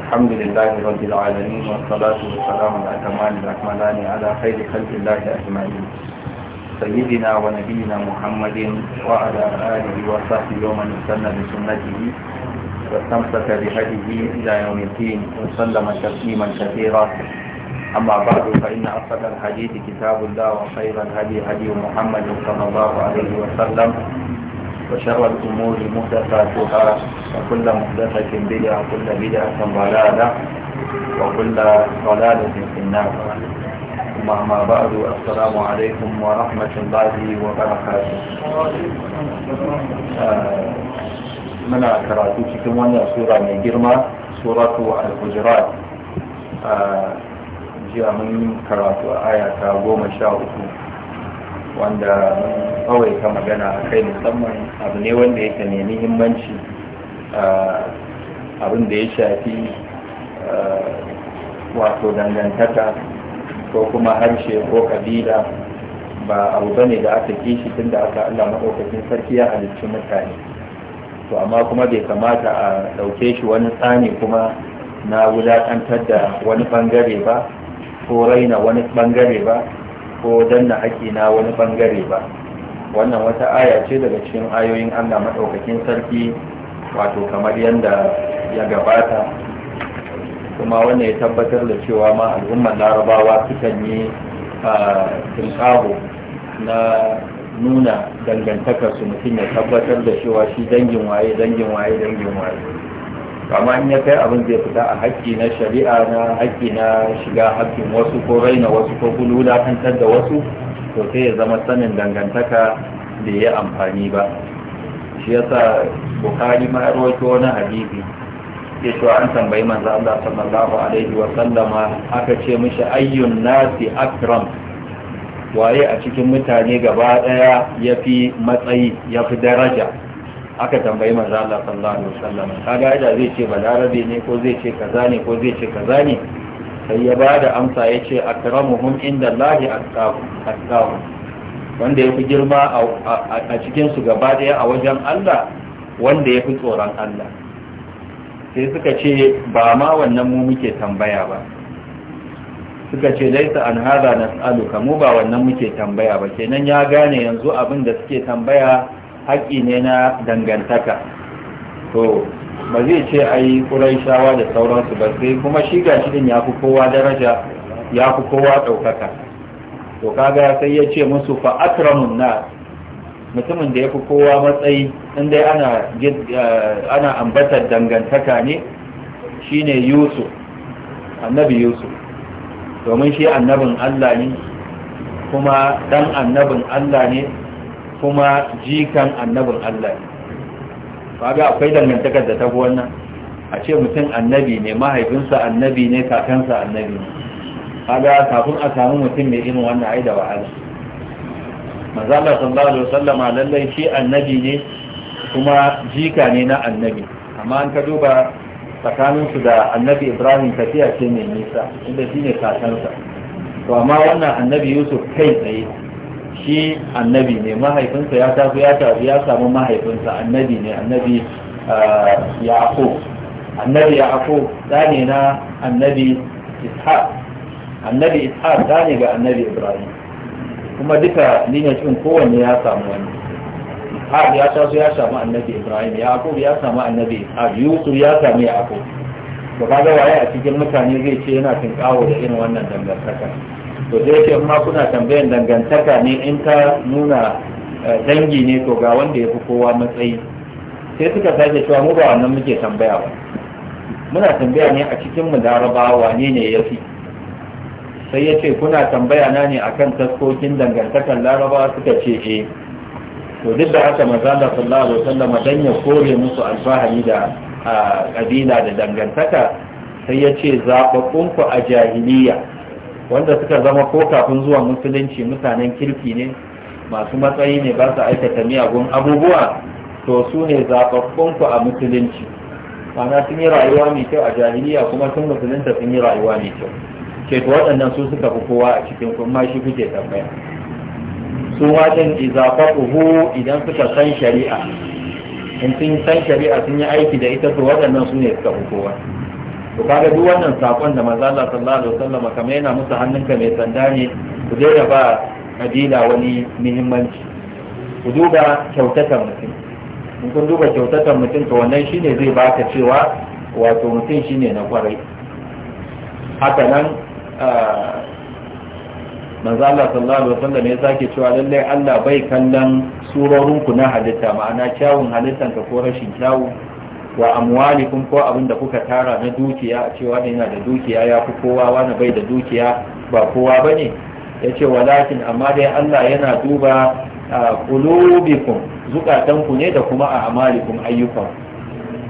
الحمد لله رب العالمين والصلاة والسلام الأكمال الأكملان على خير خلق الله أجمعين سيدنا ونبينا محمد وعلى آله وصحبه ومن استنى بسنته واستمسك بهديه إلى يوم الدين وسلم تسليما كثيرا أما بعد فإن أصدق الحديث كتاب الله وخير الهدي هدي محمد صلى الله عليه وسلم وشر الأمور محدثاتها وكل محدثة بدعة وكل بدعة ضلالة وكل ضلالة في النار ثم أما بعد السلام عليكم ورحمة الله وبركاته آه، منا كراتو كمان سورة من mai سورة الحجرات آه، جاء من كراتو آية karatu aya wanda kawai ka magana a kai musamman abu ne wanda yake ne muhimmanci abin da ya shafi wato dangantaka ko kuma harshe ko kabila ba abu ba ne da aka kishi tun da aka allah maɗaukakin sarki ya halicci mutane to amma kuma bai kamata a ɗauke shi wani tsani kuma na wulaƙantar da wani ɓangare ba ko raina wani ɓangare ba ko danna haƙi na wani bangare ba wannan wata aya ce daga cikin ayoyin Allah madaukakin sarki wato kamar yadda ya gabata kuma wannan ya tabbatar da cewa ma al'ummar larabawa sukan yi tunƙaho na nuna dangantakarsu mutum ya tabbatar da cewa shi dangin waye dangin waye dangin waye amma in ya kai abin zai fita a haƙƙi na shari'a na haƙƙi na shiga haƙƙin wasu ko raina wasu ko wulakantar da wasu to sai ya zama sanin dangantaka da ya amfani ba shi yasa bukari ma ya rawaito wani hadisi ya an tambayi manzo Allah sallallahu alaihi wa sallama aka ce mishi ayyun nasi akram waye a cikin mutane gaba daya yafi matsayi yafi daraja aka tambayi manzo Allah sallallahu alaihi wasallam kaga da zai ce balarabe ne ko zai ce kaza ne ko zai ce kaza ne sai ya bada amsa yace akramuhum indallahi atqahu wanda yafi girma a cikin su gaba daya a wajen Allah wanda yafi tsoron Allah sai suka ce ba ma wannan mu muke tambaya ba suka ce laisa an hada nas'aluka mu ba wannan muke tambaya ba kenan ya gane yanzu abin da suke tambaya haƙƙi ne na dangantaka to ba zai ce a yi ƙuraishawa da sauransu ba sai kuma shi ga shi din ya fi kowa daraja ya fi kowa ɗaukaka to kaga sai ya ce musu fa akramun na mutumin da ya fi kowa matsayi inda dai ana eh, ana ambatar dangantaka ne shine yusuf annabi yusuf domin shi annabin allah ne kuma dan annabin allah ne kuma jikan annabin Allah ne kaga akwai dangantakar da tafi wannan a ce mutum annabi ne mahaifinsa annabi ne kakansa annabi ne kaga kafin a samu mutum mai irin wannan ai da wahala manzo Allah sallallahu alaihi wasallama lallai shi annabi ne kuma jika ne na annabi amma an ka duba tsakaninsu da annabi ibrahim tafiya ce mai nisa inda shi ne kakansa to amma wannan annabi yusuf kai tsaye shi annabi ne mahaifinsa ya tafi ya tafi ya samu mahaifinsa annabi ne annabi ako ah, annabi ako dane na annabi ishaq annabi ishaq dane ga annabi ibrahim kuma duka cikin kowanne ya samu wani ishaq ya tafi ya samu annabi ibrahim ako ya samu annabi ishaq yusuf ya samu ako ba ga waye a cikin mutane zai ce yana tinkawo da irin wannan dangantaka to da yake ma kuna tambayan dangantaka ne in ka nuna eh, dangi ne to ga wanda ya fi kowa matsayi sai suka sake cewa mu ba wannan muke tambaya ba muna tambaya ne a cikin mu larabawa wane ne ya fi sai ya ce kuna tambaya na ne akan taskokin dangantakar laraba suka ce eh to duk da haka da sallallahu alaihi wasallam dan ya kore musu alfahari da ah, kabila da dangantaka sai ya ce zaɓaɓɓunku a jahiliya wanda suka zama ko kafin zuwa musulunci mutanen kirki ne masu matsayi ne ba su aikata miyagun abubuwa to su ne ku a musulunci mana sun yi rayuwa mai kyau a jahiliya kuma sun musulunta sun yi rayuwa mai kyau ke to waɗannan su suka fi kowa a cikin kuma shi kuke tambaya su ma ɗin izafaɓuhu idan suka san shari'a in sun san shari'a sun yi aiki da ita to waɗannan su ne suka fi kowa to kaga duk wannan sakon da manzo Allah sallallahu alaihi wasallam kamar yana musu hannunka mai sanda ne ku daina ba kabila wani muhimmanci ku duba kyautatan mutum in kun duba kyautatan mutum to wannan shine zai baka cewa wato mutum shine na kwarai haka nan manzo Allah sallallahu alaihi wasallam ya sake cewa lallai Allah bai kallon surorinku na halitta ma'ana kyawun halittanka ko rashin kyawu wa kun ko abin da kuka tara na dukiya a cewa ne yana da dukiya ya fi kowa wani bai da dukiya ba kowa ba ne ya ce walakin amma dai Allah yana duba kulubikum zukatanku ne da kuma a amalikum ayyukan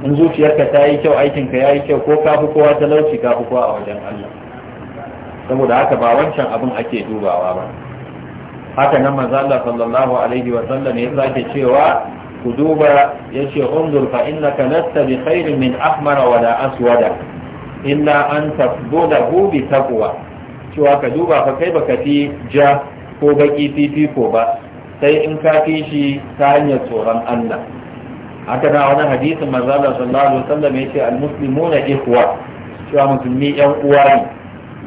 in zuciyarka ta yi kyau aikinka ya yi kyau ko ka fi kowa talauci ka fi kowa a wajen Allah saboda haka ba wancan abin ake dubawa ba haka nan manzo Allah sallallahu alaihi wa sallam ya sake cewa ku duba ya ce unzur fa innaka lasta bi khairin min ahmara wala aswada illa an tasbudahu bi taqwa cewa ka duba ka kai baka fi ja ko baki fifiko ba sai in ka fi shi ta hanyar tsoron Allah haka na wani hadisin manzo sallallahu alaihi wasallam yace al-muslimuna ikhwa cewa musulmi yan uwa ne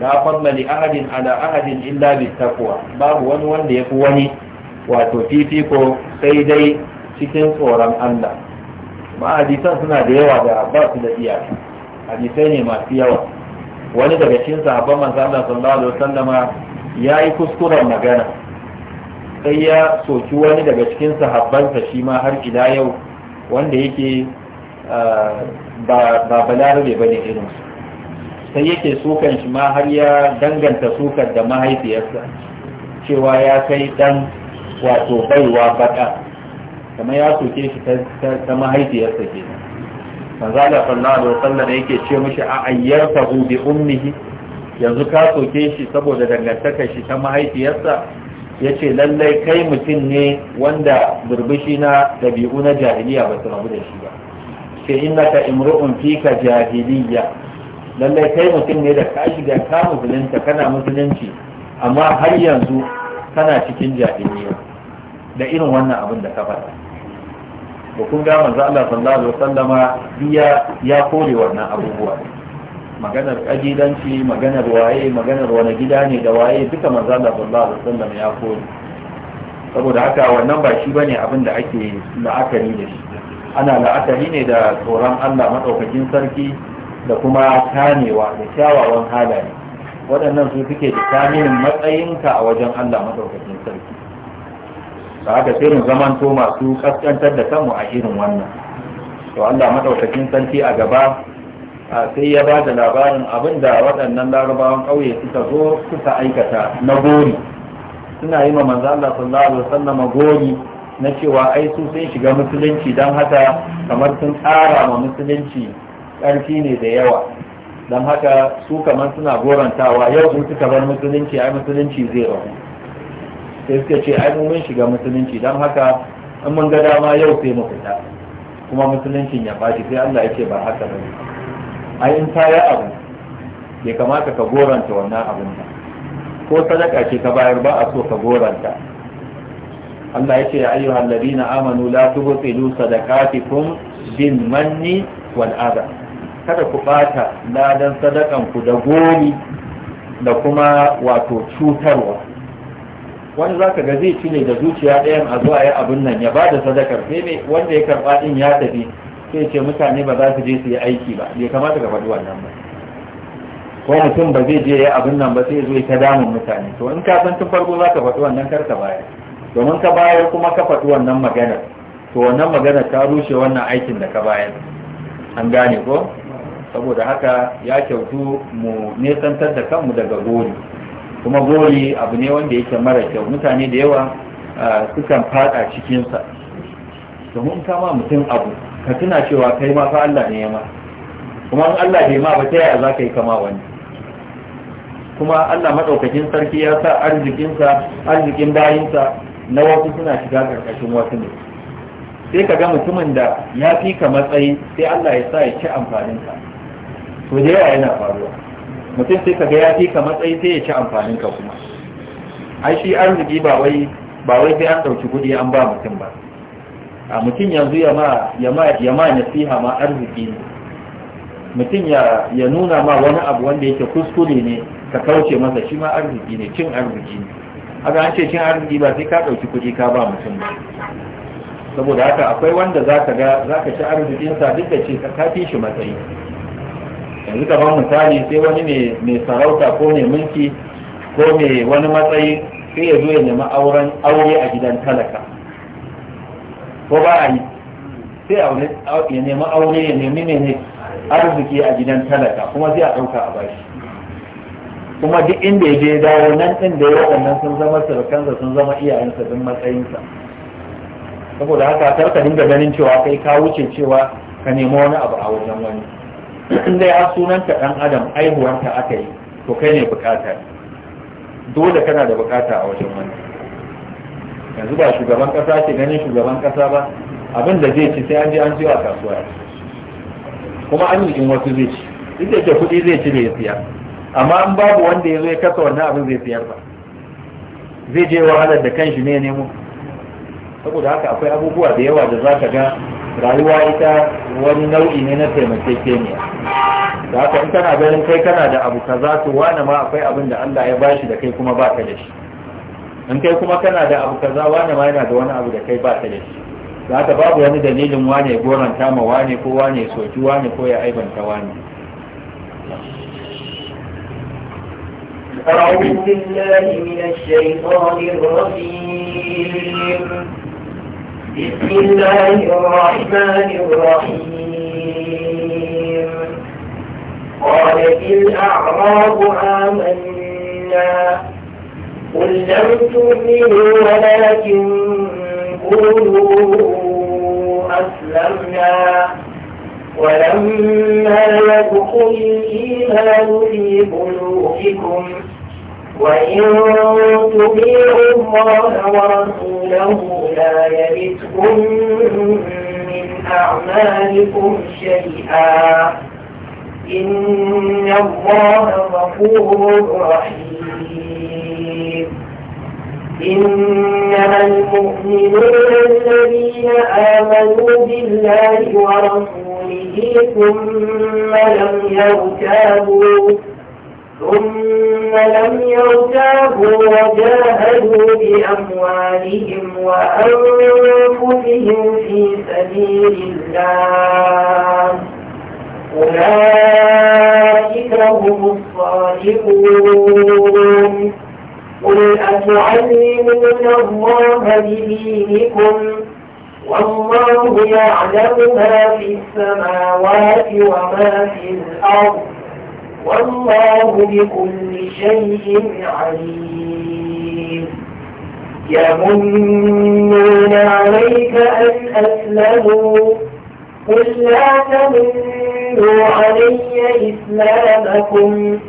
la fadla li ahadin ala ahadin illa bi taqwa babu wani wanda yafi wani wato fifiko sai dai cikin tsoron Allah ma hadisan suna da yawa da ba su da iyaka hadisai ne masu yawa wani daga cikin sahabban manzo Allah sallallahu alaihi wasallama yayi kuskuren magana sai ya soki wani daga cikin sahabbansa shi ma har ila yau wanda yake ba balarabe bane irin su sai yake sukan shi ma har ya danganta sukar da mahaifiyarsa cewa ya kai dan wato baiwa baka kamar ya soke shi ta mahaifiyarsa ke nan manzala sallallahu alaihi wasallam yake ce mishi a ayyarta bi ummihi yanzu ka soke shi saboda dangantakar shi ta mahaifiyarsa ya ce lallai kai mutum ne wanda burbushi na dabi'u na jahiliya ba su rabu da shi ba ce inna ka imru'un fika jahiliya lallai kai mutum ne da ka shiga ka musulunta kana musulunci amma har yanzu kana cikin jahiliya da irin wannan abin da ka faɗa da kun ga manzo Allah sallallahu alaihi wasallama biya ya kore wannan abubuwa maganar ajidanci maganar waye maganar wani gida ne da waye duka manzo Allah sallallahu alaihi ya kore saboda haka wannan ba shi bane abin da ake la'akari da shi ana la'akari ne da tsoron Allah madaukakin sarki da kuma tanewa da kyawawan halaye waɗannan su suke da tamihin matsayinka a wajen Allah madaukakin sarki da haka mu zamanto masu kaskantar da kanmu a irin wannan to Allah madaukakin sarki a gaba sai ya ba da labarin abinda waɗannan larabawan ƙauye suka zo suka aikata na gori suna yi ma manzo Allah sallallahu alaihi wasallam gori na cewa ai su sun shiga musulunci don haka kamar sun ƙara ma musulunci ƙarfi ne da yawa don haka su kamar suna gorantawa yau sun suka bar musulunci ai musulunci zai rabu sai suka ce ai mun shiga musulunci dan haka in mun ga dama yau sai mu fita kuma musuluncin ya baci sai Allah ya ce ba haka bane ai in ta abu ya kamata ka goranta wannan abin da ko sadaka ce ka bayar ba a so ka goranta Allah ya ce ya ayyuha alladhina amanu la tubtilu sadaqatikum Bin, manni wal adha kada ku bata ladan sadakan ku da gori da kuma wato cutarwa wani zaka ga zai cire da zuciya ɗayan a zuwa ya abin nan ya bada sadakar sai ne wanda ya karɓa din ya tafi sai ce mutane ba za su je su yi aiki ba bai kamata ka faɗi wannan ba ko mutum ba zai je ya abin nan ba sai zo ta damun mutane to in ka san tun farko za ka faɗi wannan kar ka bayar domin ka bayar kuma ka faɗi wannan maganar to wannan maganar ta rushe wannan aikin da ka bayar an gane ko saboda haka ya kyautu mu nesantar da kanmu daga gori kuma gori abu ne wanda yake mara kyau mutane da yawa sukan fada cikinsa mun kama mutum abu ka tuna cewa kai ma fa Allah ne ya ma kuma in Allah bai ma ba ta yaya za ka yi kama wani kuma Allah maɗaukakin sarki ya sa arzikinsa arzikin bayinsa na wasu suna shiga karkashin wasu ne sai ka ga mutumin da ya fi ka matsayi sai Allah ya sa ya ci amfaninka to da yana faruwa mutum sai ka ga ya fi ka matsayi sai ya ci amfanin ka kuma ai shi arziki ba wai ba wai sai an ɗauki kuɗi an ba mutum ba a mutum yanzu ya ma ya ma ya ma nasiha ma arziki ne mutum ya ya nuna ma wani abu wanda yake kuskure ne ka kauce masa shi ma arziki ne cin arziki ne haka an ce cin arziki ba sai ka ɗauki kuɗi ka ba mutum ba saboda haka akwai wanda zaka ga zaka ci arzikin sa duk da ce ka fi shi matsayi yanzu kamar misali sai wani mai sarauta ko mai mulki ko mai wani matsayi sai ya zo ya nemi auren aure a gidan talaka ko ba a yi sai ya nemi aure ya nemi mene arziki a gidan talaka kuma sai a ɗauka a bashi kuma duk inda ya je dawo nan ɗin da ya waɗannan sun zama surukansa sun zama iyayensa din matsayinsa saboda haka kar ka dinga ganin cewa kai ka wuce cewa ka nemi wani abu a wajen wani in dai har sunanta dan adam aihuwarta aka yi to kai ne bukata dole kana da bukata a wajen wani yanzu ba shugaban kasa ke ganin shugaban kasa ba abin da zai ci sai an je an siyo a kasuwa kuma an yi in wasu zai ci duk da ke kuɗi zai ci da ya siya amma an babu wanda ya zo ya kasa wannan abin zai siyar ba zai je wahalar da kanshi ne nemo saboda haka akwai abubuwa da yawa da za ka ga rayuwa ita wani nau'i ne na taimakekeniya da aka in kana ganin kai kana da abu kaza to wane ma akwai abin da Allah ya bashi da kai kuma ba ka da shi in kai kuma kana da abu kaza wane ma yana da wani abu da kai ba ka da shi da ka babu wani dalilin wane ya goranta ma wane ko wane ya soki wane ko ya aibanta wani أعوذ بالله من الشيطان الرجيم بسم الله الرحمن الرحيم قالت الأعراب آمنا قل لم تؤمنوا ولكن قولوا أسلمنا ولما يدخل الإيمان في قلوبكم وإن تطيعوا الله ورسوله لا يلدكم من أعمالكم شيئا إن الله غفور رحيم إنما المؤمنون الذين آمنوا بالله ورسوله ثم لم يرتابوا ثم لم يرتابوا وجاهدوا بأموالهم وأنفسهم في سبيل الله أولئك هم الصادقون قل أتعلمون الله بدينكم والله يعلم ما في السماوات وما في الأرض والله بكل شيء عليم يمنون عليك أن أسلموا قل لا تمنوا علي إسلامكم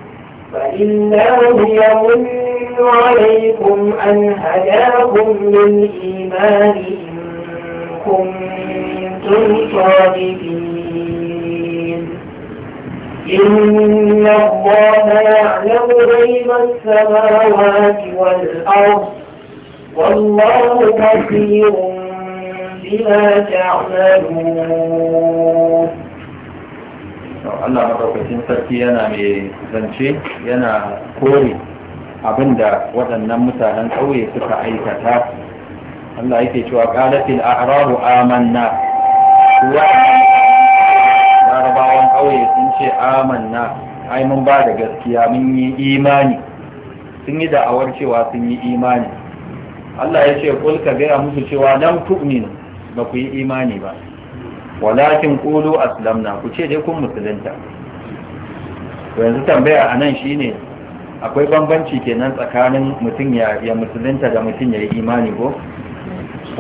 فإنه يمن عليكم أن هداكم للإيمان إن كنتم صادقين إن الله يعلم غيب السماوات والأرض والله بصير بما تعملون Allah maɗaukacin sarki yana mai zance yana kore abinda waɗannan mutanen ƙauye suka aikata Allah yake cewa ƙalafin a'rabu amanna su waɗannan kawai sun ce amanna ai mun ba da gaskiya mun yi imani sun yi da'awar cewa sun yi imani Allah ya ce kul ka gaya musu cewa nan tu'minu ba ku yi imani ba walakin qulu aslamna ku ce dai kun musulunta yanzu tambaya a nan shine akwai bambanci kenan tsakanin mutum ya musulunta da mutum ya yi imani ko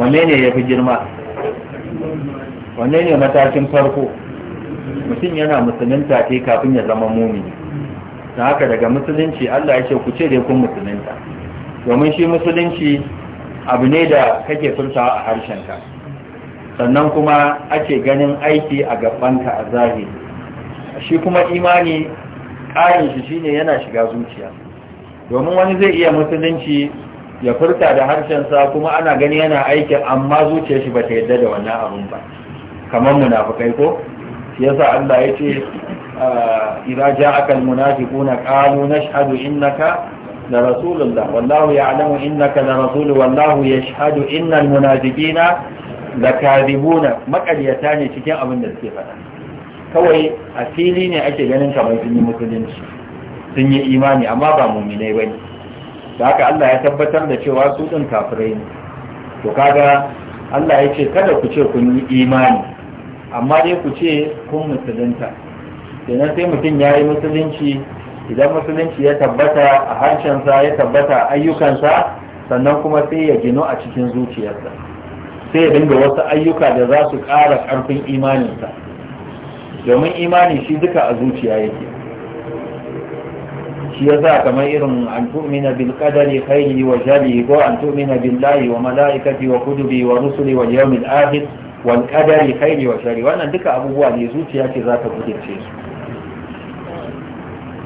wanne ne ya fi girma wanne ne matakin farko mutum yana musulunta ce kafin ya zama mumini don haka daga musulunci Allah ya ce ku ce dai kun musulunta domin shi musulunci abu ne da kake furtawa a harshenka sannan kuma ake ganin aiki a gabanka a zahiri shi kuma imani ƙarin shi shine yana shiga zuciya domin wani zai iya musulunci ya furta da harshensa kuma ana gani yana aikin amma zuciyar shi ta yarda da wannan abun ba kamar munafukai ko shi yasa Allah ya ce ah, idza ja'aka almunafiquna qalu nashhadu innaka da rasulullah wallahu ya'lamu innaka da rasul wallahu yashhadu innal da karibuna. makaryata ne cikin abin da suke faɗa kawai a fili ne ake ganin kamar sun yi musulunci sun yi imani amma ba muminai ne. da haka Allah ya tabbatar da cewa su ɗin kafirai ne to kaga Allah ya ce kada ku ce kun yi imani amma dai ku ce kun musulunta kenan sai mutum ya yi musulunci idan musulunci ya tabbata a harshensa ya tabbata a ayyukansa sannan kuma sai ya gino a cikin zuciyarsa sai ya dinga wasu ayyuka da za su ƙara ƙarfin imaninsa domin imani shi duka a zuciya yake shi yasa kamar irin an tu'mina bil qadari khairi wa sharri ko an tu'mina billahi wa malaikati wa kutubi wa rusuli wal yawmil akhir wal kai khairi wa shari wannan duka abubuwa ne zuciya ce za ta kudirce su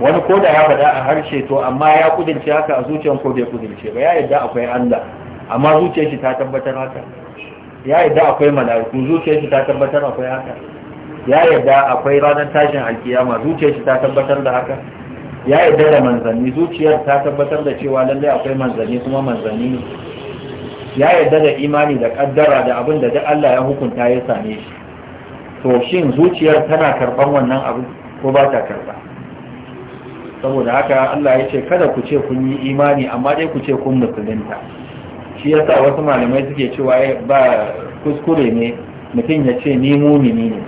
wani ko da ya faɗa a harshe to amma ya kudince haka a zuciyar ko bai kudince ba ya yadda akwai Allah amma zuciyar shi ta tabbatar haka ya yadda akwai mala'iku zuciyar shi ta tabbatar akwai haka ya yadda akwai ranar tashin alkiyama zuciyar shi ta tabbatar da haka ya yadda da manzanni zuciyar ta tabbatar da cewa lallai akwai manzanni kuma manzanni ne ya yarda da imani da kaddara da abin da duk Allah ya hukunta ya same shi to shin zuciyar tana karban wannan abu ko ba ta karba saboda haka Allah ya ce kada ku ce kun yi imani amma dai ku ce kun musulunta shi yasa wasu malamai suke cewa eh, ba kuskure ne mutum ya ce ni mumini ne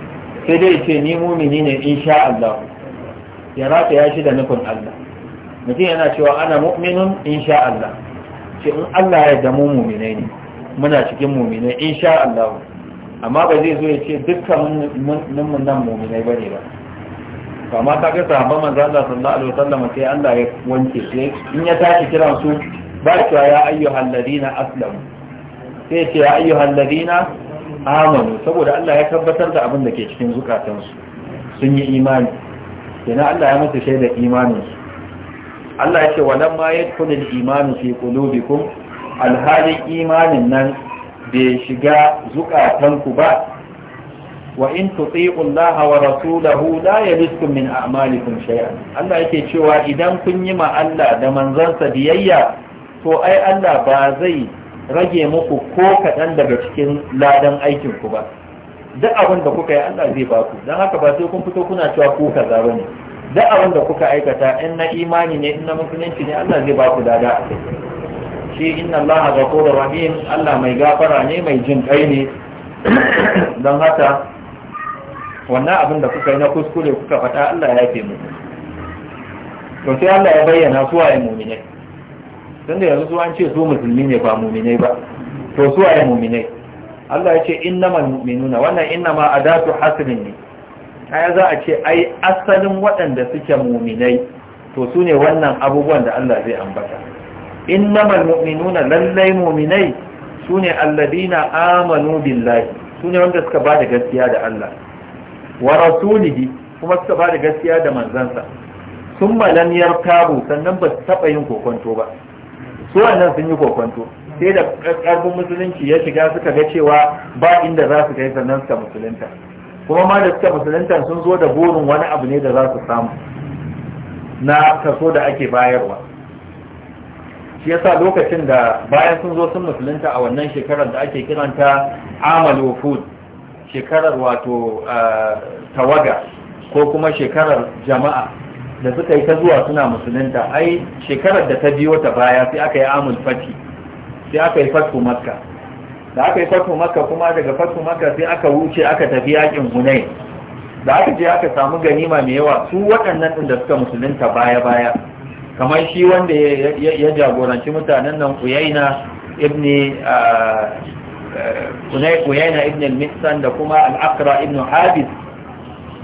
sai dai ce ni mumini ne insha Allah ya rata ya shi da nufin Allah mutum yana cewa ana mu'minun sha Allah ce in Allah ya damu muminai ne muna cikin muminai insha Allah amma ba zai zo ya ce dukkan mun nan muminai bane ba amma ka ga sahabban manzo Allah sallallahu alaihi wasallam sai Allah ya wanke su in ya tashi kiran su ba cewa ya ayyuhal ladina aslamu sai ce ya ayyuhal ladina amanu saboda Allah ya tabbatar da abin da ke cikin zukatansu sun yi imani kenan Allah ya musu shaida imaninsu Allah ya ce walan ma yadkhulul imanu fi kun? alhalin imanin nan bai shiga zukatanku ba wa in tuti'u Allah wa rasulahu la yaliskum min a'malikum shay'an Allah yake cewa idan kun yi ma Allah da manzansa biyayya to ai Allah ba zai rage muku ko kaɗan daga cikin ladan aikin ku ba duk abin da kuka yi Allah zai ba ku don haka ba sai kun fito kuna cewa ku kaza bane da abin da kuka aikata in na imani ne in na musulunci ne Allah zai ba ku dada shi inna Allah kodar rahim Allah mai gafara ne mai jin kai ne don haka wannan abin da kuka yi na kuskure kuka fata Allah ya yafe mu to sai Allah ya bayyana su waye mu'minai da yanzu su an ce su musulmi ne ba mu'minai ba to su waye mu'minai Allah ya ce innamal mu'minuna wannan innama adatu hasrin ne kaya za a ce ai asalin waɗanda suke muminai to su ne wannan abubuwan da Allah zai ambata innamal mu'minuna lallai muminai su ne alladina amanu billahi su ne wanda suka ba da gaskiya da Allah wa rasulihi kuma suka ba da gaskiya da manzansa sun malan tabu sannan ba su taɓa yin kokonto ba su wannan sun yi kokonto sai da ƙarfin musulunci ya shiga suka ga cewa ba inda za su kai sannan suka musulunta kuma ma da suka musulunta sun zo da burin wani abu ne da za su samu na kaso da ake bayarwa shi yasa lokacin da bayan sun zo sun musulunta a wannan shekarar da ake kiranta amal food shekarar wato tawaga ko kuma shekarar jama'a da suka yi ta zuwa suna musulunta ai shekarar da ta biyo ta baya sai aka yi amul fati sai aka yi fatu makka da aka yi fatu maka kuma daga fatu maka sai aka wuce aka tafi yakin hunai. da aka je aka samu ganima mai yawa su waɗannan ɗin da suka musulunta baya-baya kamar shi wanda ya jagoranci mutanen nan uyaina ibn ah, eh, uyaina ibn al-mitsan da kuma al-akra ibn habis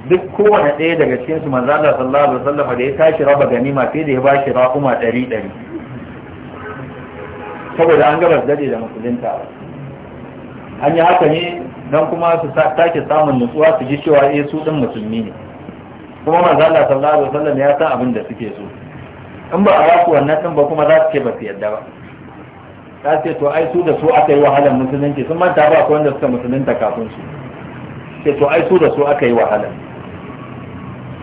duk kowane ɗaya daga cikin su manzo Allah sallallahu alaihi wasallam da ya tashi raba ganima sai da ya bashi ɗari-ɗari. saboda an gabas dade da musulunta an yi haka ne don kuma su sake samun nutsuwa su ji cewa eh su ɗin musulmi ne kuma manzo Allah sallallahu alaihi wasallam ya san abin da suke so in ba a ku wannan din ba kuma za su ce ba su yadda ba su ce to ai su da su aka yi wahalar musulunci sun manta ba akwai wanda suka musulunta kafin su ce to ai su da su aka yi wahalar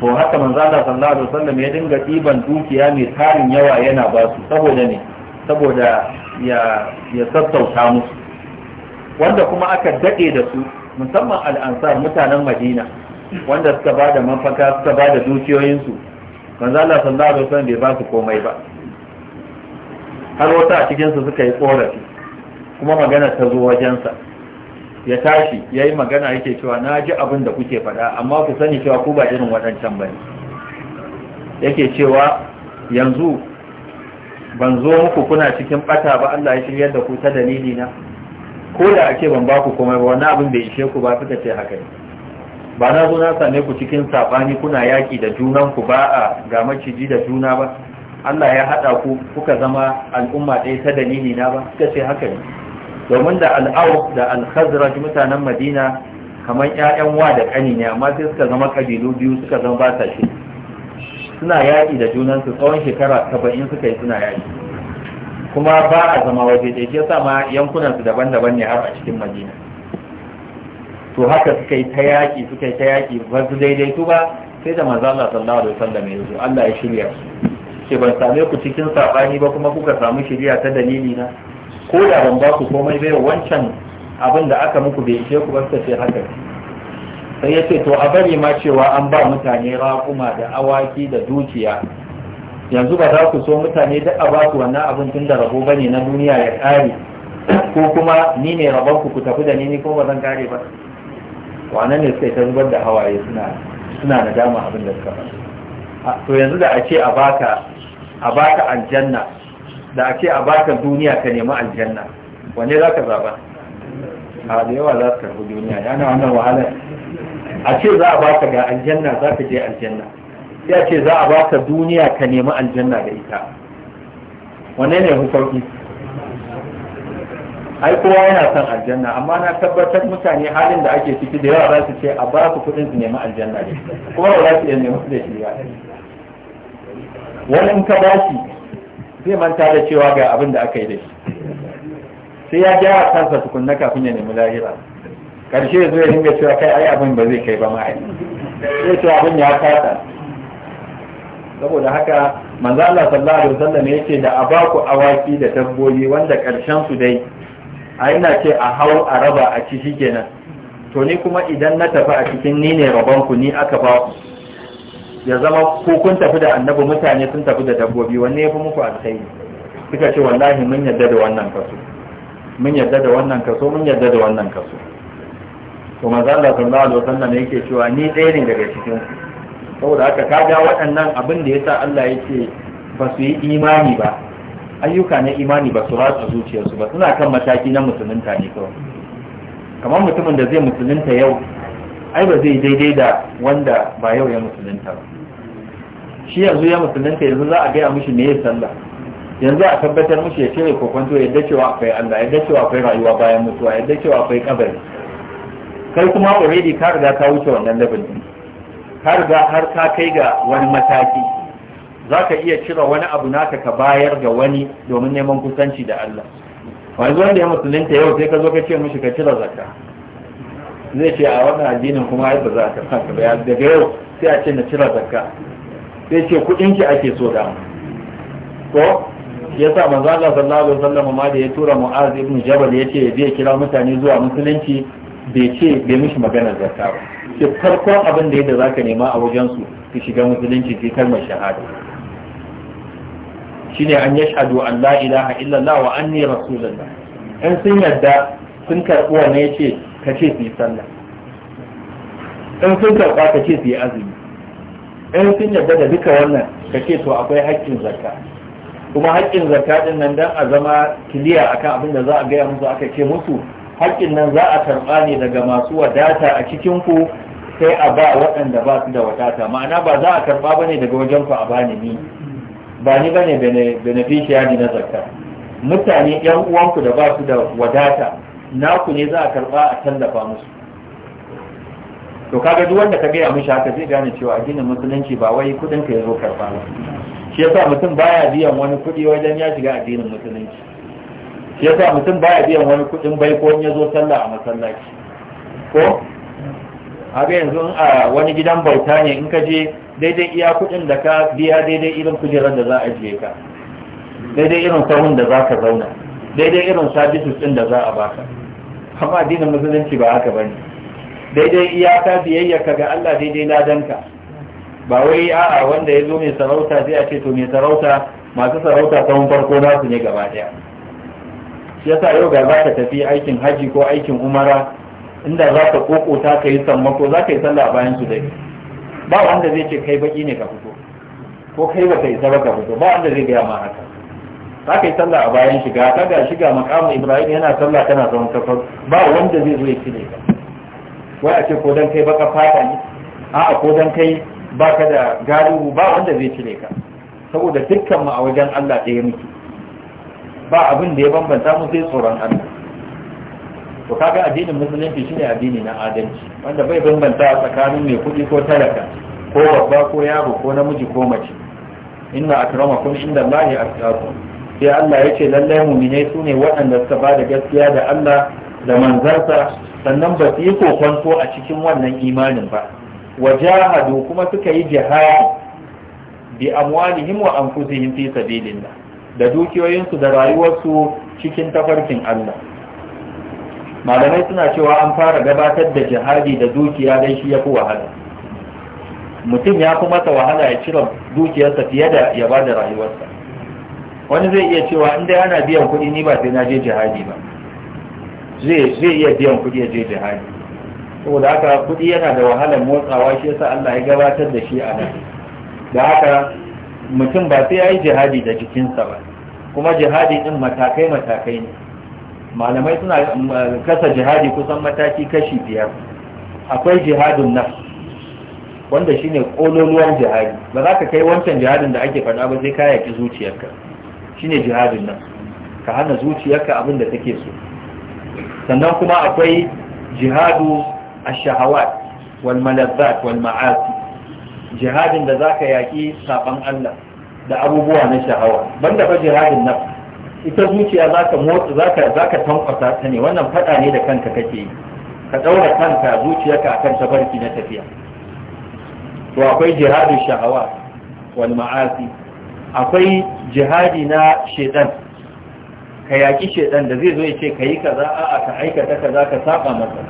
to haka manzo Allah sallallahu alaihi wasallam ya dinga diban dukiya mai tarin yawa yana ba su saboda ne saboda ya ya sassauta musu wanda kuma aka dade da su musamman al'ansar mutanen madina wanda suka ba da mafaka suka ba da dukiyoyinsu manzo Allah sallallahu alaihi wasallam bai ba su komai ba har wata a cikin suka yi korafi kuma magana ta zo wajensa ya tashi ya yi magana yake cewa na ji abin da kuke faɗa amma ku sani cewa ku ba irin waɗancan ba ne yake cewa yanzu ban zo muku kuna cikin ɓata ba Allah ya shirya da ku ta dalili na ko da ake ban baku komai ba wani abin bai ishe ku ba suka ce haka ne ba na zo na same ku cikin sabani kuna yaki da junan ku ba a ga maciji da juna ba Allah ya hada ku kuka zama al'umma ɗaya ta dalili na ba suka ce haka ne domin da al'aw da al mutanen Madina kamar ƴaƴan wa da ƙani ne amma sai suka zama kabilu biyu suka zama ba ta shi suna yaki da junansu tsawon shekara 70 suka yi suna yaki kuma ba a zama waje da shi yankunansu ma yankunan su daban-daban ne har a cikin madina to haka suka yi ta yaƙi suka yi ta yaƙi ba su daidai su ba sai da manzo Allah sallallahu alaihi wasallam ya zo Allah ya shirya su ce ban same ku cikin sabani ba kuma kuka samu shirya ta dalili na ko da ban ba ku komai bai wancan abin da aka muku bai ishe ku ba sai haka sai ya ce to a bari ma cewa an ba mutane raƙuma da awaki da dukiya yanzu ba za ku so mutane duk a basu wannan abin tun da rabo bane na duniya ya kare ko kuma ni ne rabon ku ku tafi da ni ni kuma ba zan kare ba wannan ne sai ta zubar da hawaye suna suna nadama abin da suka faru? to yanzu da a ce a baka a baka aljanna da a ce a baka duniya ka nemi aljanna wanne za ka zaba a da yawa za su karbi duniya yana wannan wahalar a ce za a baka ga aljanna za ka je aljanna ya ce za a baka duniya ka nemi aljanna da ita wane ne hukunki ai kowa yana son aljanna amma na tabbatar mutane halin da ake ciki da yawa za su ce a ba su kuɗin su nemi aljanna da ita kuma ba za su iya nemi da shi wani in ka bashi zai manta da cewa ga abin da aka yi da shi sai ya gyara kansa tukunna kafin ya nemi lahira karshe zai ringa cewa kai ai abin ba zai kai ba ma'aikata zai ce abin ya kasa saboda haka manzo Allah sallallahu alaihi wasallam yake da abaku awaki da dabbobi wanda karshen su dai a ina ce a hau a raba a ci shikenan to ni kuma idan na tafi a cikin ni ne rabon ku ni aka ba ku ya zama ko kun tafi da annabi mutane sun tafi da dabbobi wanne ya fi muku alkhairi suka ce wallahi mun yarda da wannan kaso mun yarda da wannan kaso mun yarda da wannan kaso to manzo Allah sallallahu alaihi wasallam yake cewa ni ɗaya ne daga cikin ku saboda haka kaga waɗannan abin da yasa Allah yake ba su yi imani ba ayyuka na imani ba su ratsa zuciyarsu ba suna kan mataki na musulunta ne kawai kamar mutumin da zai musulunta yau ai ba zai daidai da wanda ba yau ya musulunta ba shi yanzu ya musulunta yanzu za a gaya mishi me ya sallah yanzu a tabbatar mishi ya cire kokonto yadda cewa akwai Allah yadda cewa akwai rayuwa bayan mutuwa yadda cewa akwai kabari kai kuma already ka riga ka wuce wannan labin har ga har ka kai ga wani mataki za ka iya cire wani abu naka ka bayar ga wani domin neman kusanci da Allah wani wanda ya musulunta yau sai ka zo ka ce mishi ka cire zaka zai ce a wannan addinin kuma ai ba za ka saka ba daga yau sai a ce na cire zakka sai ce kudin ki ake so da ko yasa manzo Allah sallallahu alaihi wasallam ma da ya tura Mu'az ibn Jabal yace je kira mutane zuwa musulunci bai ce bai mishi maganar zakka ba ke farkon abin da yadda zaka nema a wajensu su shiga musulunci ke kalmar shahada shine an yashhadu an la ilaha illallah wa anni rasulullah in sun yadda sun na wannan yace ka ce su yi sallah in sun karɓa ka ce su yi azumi in sun yadda da duka wannan ka ce to akwai haƙƙin zakka kuma haƙƙin zakka din nan dan a zama kiliya akan abin da za a gaya musu aka ce musu haƙƙin nan za a karɓa ne daga masu wadata a cikin ku sai a ba waɗanda ba su da wadata ma'ana ba za a karɓa ba ne daga wajen ku a ba ni ba ni ba ne ne na zakka mutane yan uwanku da ba su da wadata naku ne za a karɓa a tallafa musu to kaga duk wanda ka gaya mishi haka zai gane cewa addinin musulunci ba wai kudin ka ya zo karɓa ba shi yasa mutum baya biyan wani kuɗi wajen ya shiga addinin musulunci shi yasa mutum baya biyan wani kuɗin bai ko ya zo sallah a masallaci ko haka yanzu a wani gidan bauta ne in ka je daidai iya kuɗin da ka biya daidai irin kujerar da za a je ka daidai irin sahun da za ka zauna daidai irin sabis ɗin da za a baka amma addinin musulunci ba haka bane daidai iyaka biyayya ka ga Allah daidai ladanka ba wai a'a wanda ya zo mai sarauta zai a ce to mai sarauta masu sarauta sahun farko su ne gaba ɗaya yasa yau ga za ka tafi aikin haji ko aikin umara inda za ka kokota ka yi sammako za ka yi sallah bayan su dai ba wanda zai ce kai baki ne ka fito ko kai ba ka isa ba ka fito ba wanda zai gaya ma haka za ka yi sallah a bayan shiga ka ga shiga makamu ibrahim yana sallah kana zaman kafa ba wanda zai zo ya cire ka wai a ce ko dan kai baka fata ne a'a ko dan kai baka da galibu ba wanda zai cire ka saboda dukkan mu a wajen Allah ɗaya muke ba abin da ya bambanta mu sai tsoron Allah to kaga addinin musulunci shine addini na adalci wanda bai bambanta tsakanin mai kuɗi ko talaka ko babba ko yaro ko namiji ko mace inna akramakum inda Allahi atqakum sai Allah ya ce lallai mumine su ne waɗanda suka ba da gaskiya da Allah da manzarsa sannan ba su yi kokonto a cikin wannan imanin ba wajahadu kuma suka yi jihadi bi amwalihim wa anfusihim fi sabilillah da dukiyoyinsu da rayuwarsu cikin tafarkin Allah malamai suna cewa an fara gabatar da jihadi da dukiya don shi ya fi wahala mutum ya fi masa wahala ya cire dukiyarsa fiye da ya ba da rayuwarsa wani zai iya cewa in dai ana biyan kuɗi ni ba sai na je jihadi ba zai iya biyan kuɗi ya je jihadi saboda haka kuɗi yana da wahalar motsawa shi yasa Allah ya gabatar da shi a nan da haka mutum ba sai ya yi jihadi da jikinsa ba kuma jihadi ɗin matakai-matakai ne malamai suna mm, uh, kasa jihadi kusan mataki kashi biyar akwai jihadun nan wanda shine ƙololuwar jihadi ba za ka kai wancan jihadin da ake faɗa ba sai ka yaki zuciyarka Shi ne jihadin nan. ka hana zuciyarka abin da take so sannan kuma akwai jihadu a shahawat wal malazzat wal ma'asi jihadin da zaka yaki saɓan Allah da abubuwa na shahawa. banda fa jihadin nafs ita zuciya zaka motsa tankwasa ta ne wannan faɗa ne da kanka kake yi ka ɗaura kanka zuciyarka akan tabarki na tafiya to akwai jihadin shahawa wal ma'asi akwai jihadi na shedan ka yaki shedan da zai zo ya ce kayi kaza a ka aikata kaza ka saba masa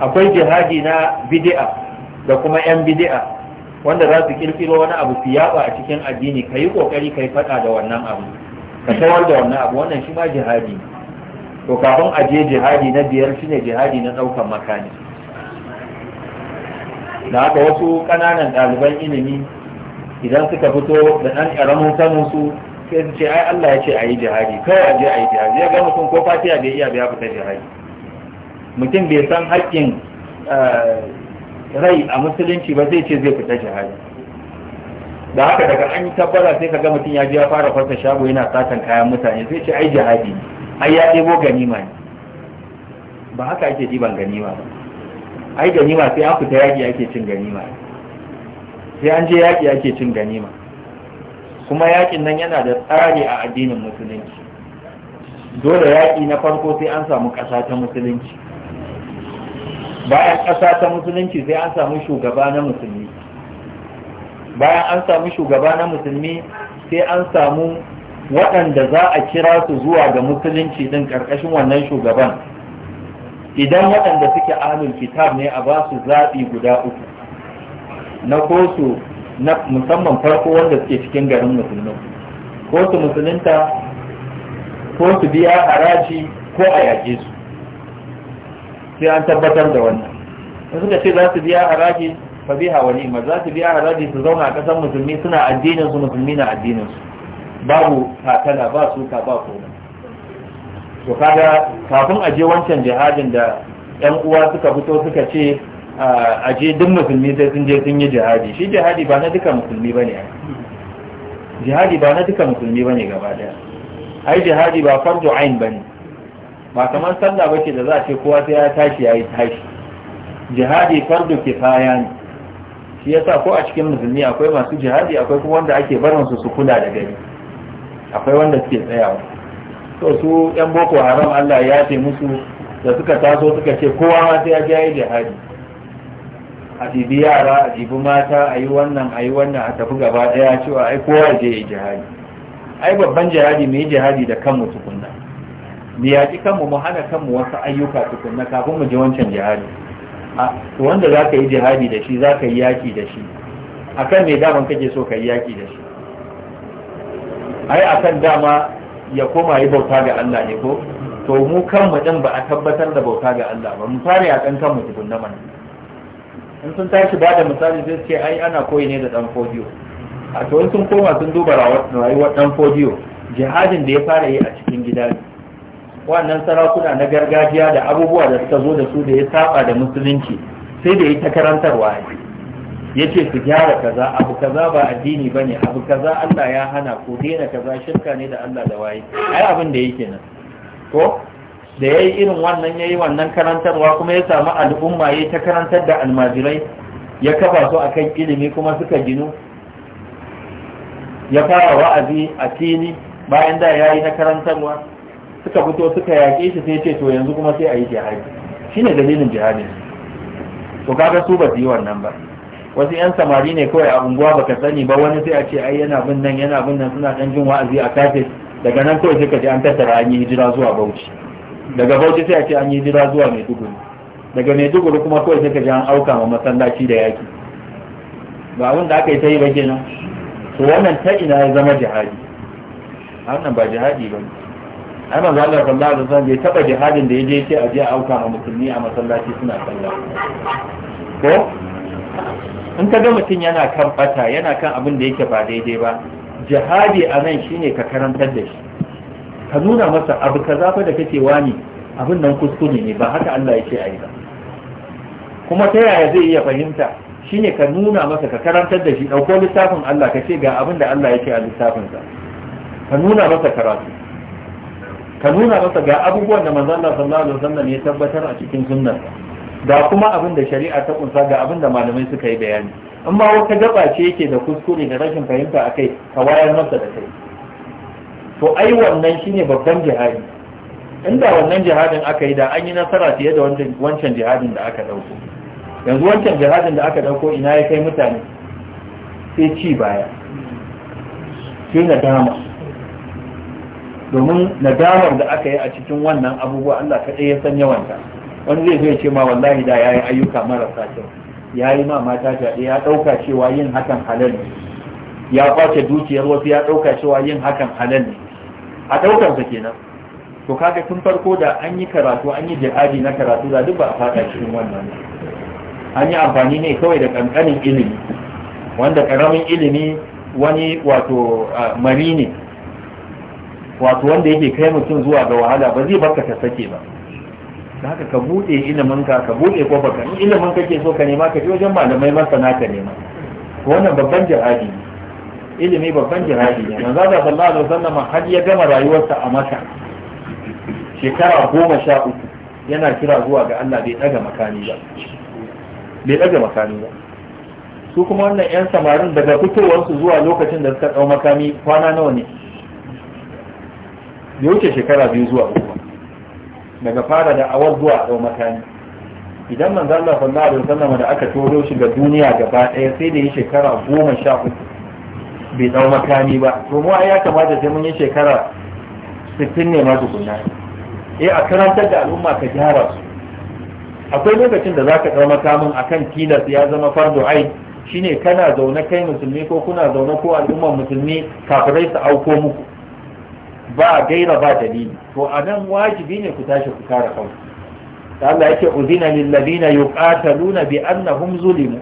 akwai jihadi na bid'a da kuma yan bid'a wanda za su kirkiro wani abu su yaba a cikin addini ka yi kokari ka yi faɗa da wannan abu ka kawar da wannan abu wannan shi ma jihadi to kafin a je jihadi na biyar shine jihadi na daukan makani da haka wasu kananan ɗaliban ilimi idan suka fito da ɗan ƙaramin sanin su sai su ce ai Allah ya ce a yi jihadi kawai a je a yi jihadi ya ga mutum ko fatiya bai iya bai fita jihadi mutum bai san haƙƙin eh, rai a musulunci ba zai ce zai fita jihadi da haka daga an yi tabbara sai kaga mutum ya je ya fara farka shago yana satan kayan mutane sai ce ai jihadi ai ya ɗebo ganima ne ba haka ake ɗiban ganima ba ai ganima sai an fita yaƙi ake cin ganima sai an je yaƙi ake cin ganima kuma yaƙin nan yana da tsari a addinin musulunci dole yaƙi na farko sai an samu ƙasa ta musulunci bayan ƙasa ta musulunci sai an samu shugaba na musulmi bayan an samu shugaba na musulmi sai an samu waɗanda za a kira su zuwa ga musulunci din ƙarƙashin wannan shugaban idan waɗanda suke ahlul kitab ne a ba su zaɓi guda uku na ko na musamman farko wanda suke cikin garin musulmi ko su musulunta ko su biya haraji ko a yaƙe su sai an tabbatar da wannan in suka ce za su biya haraji fa biha wa ni'ma za su biya haraji su zauna a kasar musulmi suna addinin su musulmi na addinin su babu kakala ba su suka ba komai to kaga kafin a je wancan jihadin da yan uwa suka fito suka ce a je duk musulmi sai sun je sun yi jihadi shi jihadi ba na duka musulmi bane jihadi ba na duka musulmi bane gaba daya ai jihadi ba fardu ain bane ba kamar sallah ba ce da za a ce kowa sai ya tashi ya yi tashi jihadi fardu kifaya ne shi sa ko a cikin musulmi akwai masu jihadi akwai kuma wanda ake barin su su kula da gari akwai wanda suke tsayawa to su yan boko haram Allah ya ce musu da suka taso suka ce kowa ma sai ya je yi jihadi a dibi yara a dibi mata a yi wannan a yi wannan a tafi gaba daya cewa ai kowa je yi jihadi ai babban jihadi mai jihadi da kan mutukun mu yaƙi kanmu mu hana kanmu wasu ayyuka tukunna kafin mu ji wancan jihadi a wanda za ka yi jihadi da shi za ka yi yaƙi da shi a kan mai daman kake so ka yi yaƙi da shi ai a kan dama ya koma yi bauta ga Allah ne ko to mu kanmu ɗin ba a tabbatar da bauta ga Allah ba mu fara yaƙan kanmu na mana in sun tashi ba da misali sai ce ai ana koyi ne da ɗan fodiyo a to sun koma sun duba rayuwar ɗan fodiyo jihadin da ya fara yi a cikin gida ne wannan sarakuna na gargajiya da abubuwa da suka zo da su da ya saba da musulunci sai da ya ta karantarwa ya ce su gyara kaza abu kaza ba addini ba ne abu kaza Allah ya hana ko daina kaza shirka ne da Allah da waye ai abin da yake nan ko da ya yi irin wannan ya yi wannan karantarwa kuma ya samu al'umma ya ta karantar da almajirai ya kafa su akan ilimi kuma suka ginu ya fara wa'azi a fili bayan da ya yi na karantarwa suka fito suka yaƙe shi sai ce to yanzu kuma sai a yi jihadi shine dalilin jihadin to kaga su ba su yi wannan ba wasu yan samari ne kawai a unguwa baka sani ba wani sai a ce ai yana bin nan yana bin nan suna dan jin wa'azi a kafin daga nan kawai suka ji an tattara an yi hijira zuwa Bauchi daga Bauchi sai a ce an yi hijira zuwa Maiduguri daga Maiduguri kuma kawai suka ji an auka ma masallaci da yaki ba abin da aka yi ta yi ba kenan to wannan ta ina ya zama jihadi wannan ba jihadi ba ne ai manzo Allah da zan wasallam bai taba jihadin da yaje ce a je auka ma musulmi a masallaci suna sallah ko in ka ga mutum yana kan bata yana kan abin da yake ba daidai ba jihadi a nan shine ka karantar da shi ka nuna masa abu kaza fa da kake wani abin nan kuskure ne ba haka Allah yake ayi ba kuma ta yaya zai iya fahimta shine ka nuna masa ka karantar da shi dauko littafin Allah ka ce ga abin da Allah yake a littafin sa ka nuna masa karatu ka nuna masa ga abubuwan da manzon Allah sallallahu alaihi wasallam ya tabbatar a cikin sunnar da kuma abin da shari'a ta kunsa ga abin da malamai suka yi bayani in ma wata gaba ce yake da kuskure da rashin fahimta akai ka wayar masa da kai to ai wannan shine babban jihadi inda wannan jihadin aka yi da an yi nasara fiye da wancan jihadin da aka dauko yanzu wancan jihadin da aka dauko ina ya kai mutane sai ci baya shi na dama domin nadamar da aka yi a cikin wannan abubuwa Allah kaɗai ya san yawanta wani zai zai ce ma wallahi da ya yi ayyuka marasa kyau ya yi ma mata jaɗe ya ɗauka cewa yin hakan halal ne ya kwace dukiyar wasu ya ɗauka cewa yin hakan halal ne a ɗaukarsa kenan to kaga tun farko da an yi karatu an yi jihadi na karatu da duk ba a faɗa cikin wannan an yi amfani ne kawai da ƙanƙanin ilimi wanda ƙaramin ilimi wani wato mari ne wato wanda yake kai mutum zuwa ga wahala ba zai baka ka sake ba da haka ka bude ilimin ka ka bude baka ka ilimin kake so ka nema ka je wajen malamai masana ka nema wannan babban jihadi ne ilimi babban jihadi ne manzo da sallallahu alaihi wasallam har ya gama rayuwarsa a maka shekara goma sha uku yana kira zuwa ga Allah bai daga makani ba bai daga makani ba su kuma wannan yan samarin daga fitowarsu zuwa lokacin da suka dau makami kwana nawa ne ya wuce shekara biyu zuwa uku daga fara da awar zuwa ɗau makani idan man Allah sallallahu alaihi wasallam da aka toro shi ga duniya gaba ɗaya sai da yi shekara goma sha uku bai ɗau makani ba to mu ya kamata sai mun yi shekara sittin ne ma tukunna eh a karantar da al'umma ka gyara su akwai lokacin da zaka ɗau makamin kan tilas ya zama fardu ai shine kana zaune kai musulmi ko kuna zaune ko al'umman musulmi kafirai su auko muku ba gaira ba dalili to anan wajibi ne ku tashi ku kare kanku Allah yake uzina lil ladina yuqataluna bi annahum zulimu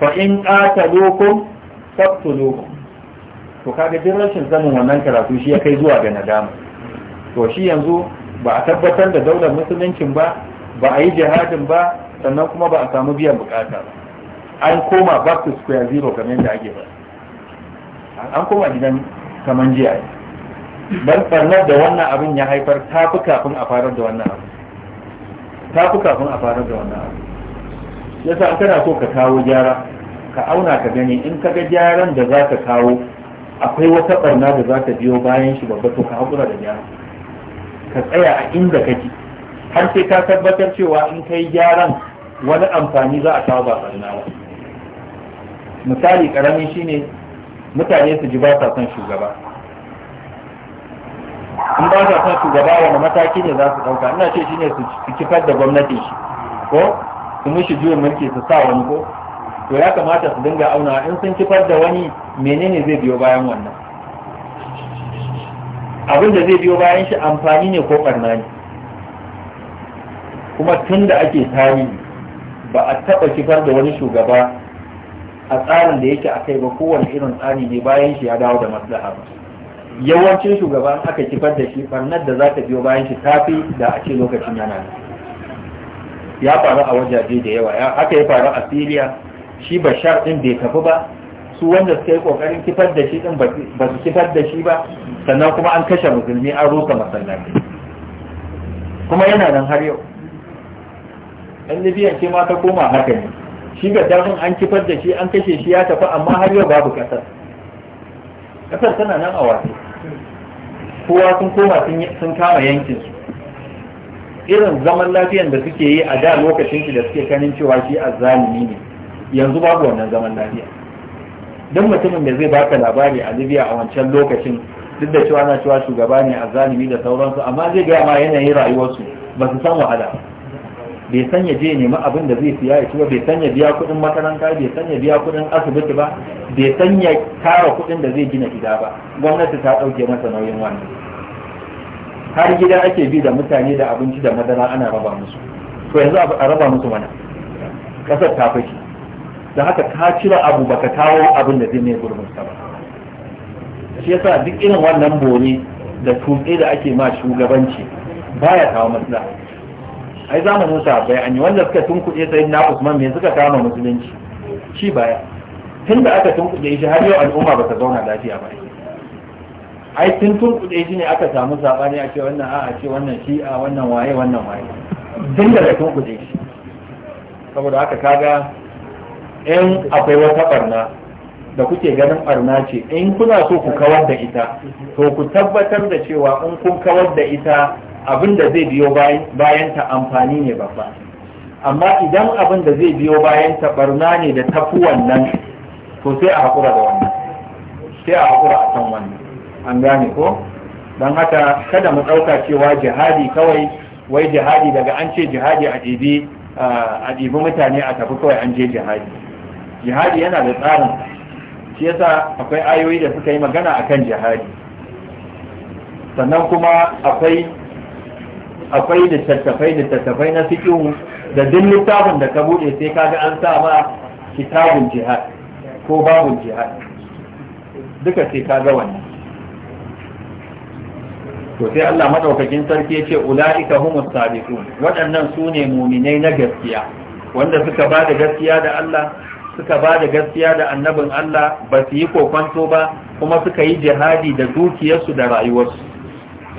fa in qatalukum faqtuluhum to kaga din rashin sanin wannan karatu shi ya kai zuwa ga nadama to shi yanzu ba a tabbatar da daular musuluncin ba ba a yi jihadin ba sannan kuma ba a samu biyan bukata ba an koma back to square zero kamar yadda ake ba an koma gidan kaman jiya barnar da wannan abin ya haifar ta kafin a farar da wannan abin tafi kafin a farar da wannan abin yasa sa kana so ka kawo gyara ka auna ka gani in ka ga gyaran da za ka kawo akwai wata barna da za ka biyo bayan shi babba to ka haƙura da gyara ka tsaya a inda ka ji, har sai ka tabbatar cewa in kai gyaran wani amfani za a kawo ba barna ba misali karamin shine mutane su ji ba sa son shugaba in ba sa son shugaba wani mataki ne za su ɗauka ina ce shine su kifar da gwamnati shi ko su mushi juyin mulki su sa wani ko to ya kamata su dinga auna in sun kifar da wani menene zai biyo bayan wannan abin da zai biyo bayan shi amfani ne ko ɓarna ne kuma tun da ake tarihi ba a taɓa kifar da wani shugaba a tsarin da yake a kai ba kowane irin tsari ne bayan shi ya dawo da maslaha ba yawancin shugaban aka kifar da shi farnar da za ta biyo bayan shi tafi da a ce lokacin yana ya faru a wajaje da yawa aka yi faru a siriya shi bashar din bai tafi ba su wanda suka yi kokarin kifar da shi din ba su kifar da shi ba sannan kuma an kashe musulmi an roƙa masallaci kuma yana nan har yau ɗan libyan ce ma ta koma haka ne shi ga damin an kifar da shi an kashe shi ya tafi amma har yau babu ƙasar ƙasar tana nan a wasu kowa sun koma sun kama yankin su irin zaman lafiyan da suke yi a da lokacin shi da suke kanin cewa shi azzalimi ne yanzu babu wannan zaman lafiya don mutumin da zai baka labari a libya a wancan lokacin duk da cewa na cewa shugaba ne azzalimi da sauransu amma zai gaya ma yanayin rayuwarsu ba su san wahala ba bai sanya je nemi abin da zai siya ya ci ba bai sanya biya kuɗin makaranta bai sanya biya kuɗin asibiti ba bai sanya kara tara kuɗin da zai gina gida ba gwamnati ta ɗauke masa nauyin wannan har gida ake bi da mutane da abinci da madara ana raba musu to yanzu a raba musu mana kasar ta fashi da haka ka cire abu baka kawo abin da zai mai gurbin sa ba shi yasa duk irin wannan bore da tuƙe da ake ma shugabanci baya kawo maslaha ai zamanin sahabbai an yi wanda suka tunkuɗe sai na Usman me suka kama musulunci shi baya tun da aka tunkuɗe shi har yau al'umma ba ta zauna lafiya ba ai tun tunkuɗe shi ne aka samu sabani a ce wannan a'a ce wannan shi a wannan waye wannan waye tun da tunkuɗe shi saboda aka kaga in akwai wata barna da kuke ganin barna ce in kuna so ku kawar da ita to ku tabbatar da cewa in kun kawar da ita abin da zai biyo bayanta ta amfani ne babba amma idan abin da zai biyo bayan ta barna ne da tafi wannan to sai a haƙura da wannan sai a haƙura a kan wannan an gane ko don haka kada mu ɗauka cewa jihadi kawai wai jihadi daga an ce jihadi a ɗibi a ɗibi mutane a tafi kawai an je jihadi jihadi yana da tsarin shi yasa akwai ayoyi da suka yi magana akan jihadi sannan kuma akwai akwai littattafai tattafai na fikihu da duk littafin da ka bude sai kaga an sa ma kitabun jihad ko babun jihad duka sai kaga wannan to sai Allah madaukakin sarki ya ce ula'ika humus sabiqun waɗannan su ne muminai na gaskiya wanda suka ba da gaskiya da Allah suka ba da gaskiya da annabin Allah ba su yi kokonto ba kuma suka yi jihadi da dukiyarsu da rayuwarsu